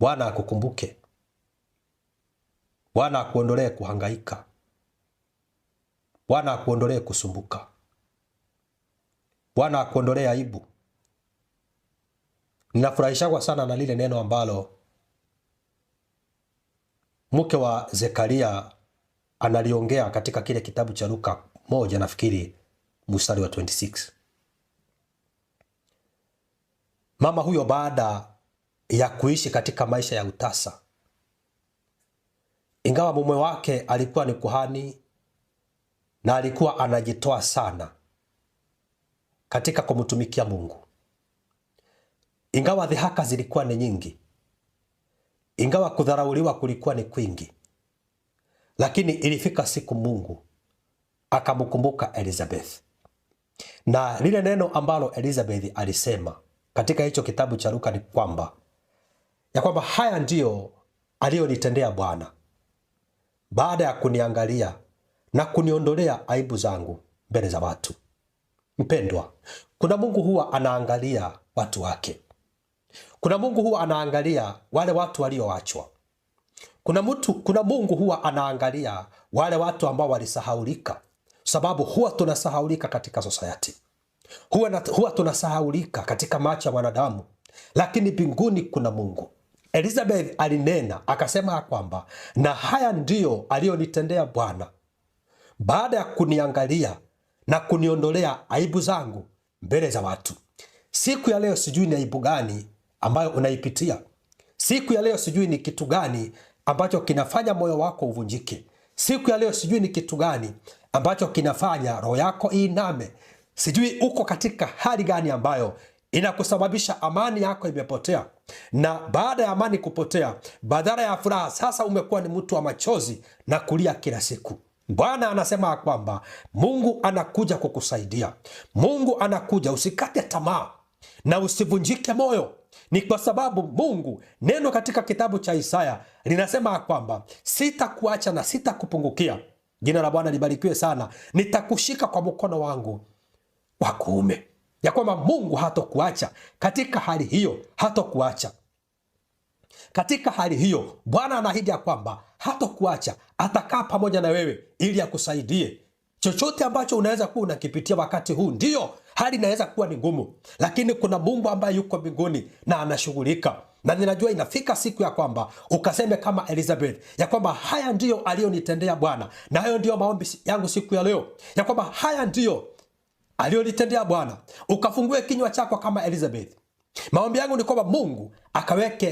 Bwana akukumbuke, Bwana akuondolee kuhangaika, Bwana akuondolee kusumbuka, Bwana akuondolee aibu. Ninafurahishwa sana na lile neno ambalo mke wa Zekaria analiongea katika kile kitabu cha Luka moja, nafikiri mstari wa 26. Mama huyo baada ya kuishi katika maisha ya utasa. Ingawa mume wake alikuwa ni kuhani na alikuwa anajitoa sana katika kumtumikia Mungu, ingawa dhihaka zilikuwa ni nyingi, ingawa kudharauliwa kulikuwa ni kwingi, lakini ilifika siku Mungu akamkumbuka Elizabeth na lile neno ambalo Elizabeth alisema katika hicho kitabu cha Luka ni kwamba ya kwamba haya ndiyo aliyonitendea Bwana baada ya kuniangalia na kuniondolea aibu zangu mbele za watu. Mpendwa, kuna Mungu huwa anaangalia watu wake. Kuna Mungu huwa anaangalia wale watu walioachwa. Kuna mtu, kuna Mungu huwa anaangalia wale watu ambao walisahaulika, sababu huwa tunasahaulika katika sosayati, huwa, huwa tunasahaulika katika macho ya mwanadamu, lakini mbinguni kuna Mungu Elizabeth alinena akasema kwamba na haya ndiyo aliyonitendea Bwana baada ya kuniangalia na kuniondolea aibu zangu mbele za watu. Siku ya leo sijui ni aibu gani ambayo unaipitia. Siku ya leo sijui ni kitu gani ambacho kinafanya moyo wako uvunjike. Siku ya leo sijui ni kitu gani ambacho kinafanya roho yako iiname. Sijui uko katika hali gani ambayo inakusababisha amani yako imepotea na baada ya amani kupotea, badala ya furaha, sasa umekuwa ni mtu wa machozi na kulia kila siku. Bwana anasema ya kwamba Mungu anakuja kukusaidia. Mungu anakuja, usikate tamaa na usivunjike moyo. Ni kwa sababu Mungu neno katika kitabu cha Isaya linasema ya kwamba sitakuacha na sitakupungukia. Jina la Bwana libarikiwe sana. Nitakushika kwa mkono wangu wa kuume ya kwamba Mungu hatokuacha katika hali hiyo, hatokuacha katika hali hiyo. Bwana anaahidi ya kwamba hatokuacha, atakaa pamoja na wewe ili akusaidie chochote ambacho unaweza kuwa unakipitia wakati huu. Ndiyo, hali inaweza kuwa ni ngumu, lakini kuna Mungu ambaye yuko mbinguni na anashughulika, na ninajua inafika siku ya kwamba ukaseme kama Elizabeth ya kwamba haya ndiyo aliyonitendea Bwana, na hayo ndiyo maombi yangu siku ya leo, ya kwamba haya ndiyo aliyolitendea Bwana, ukafungue kinywa chako kama Elizabeth. Maombi yangu ni kwamba Mungu akaweke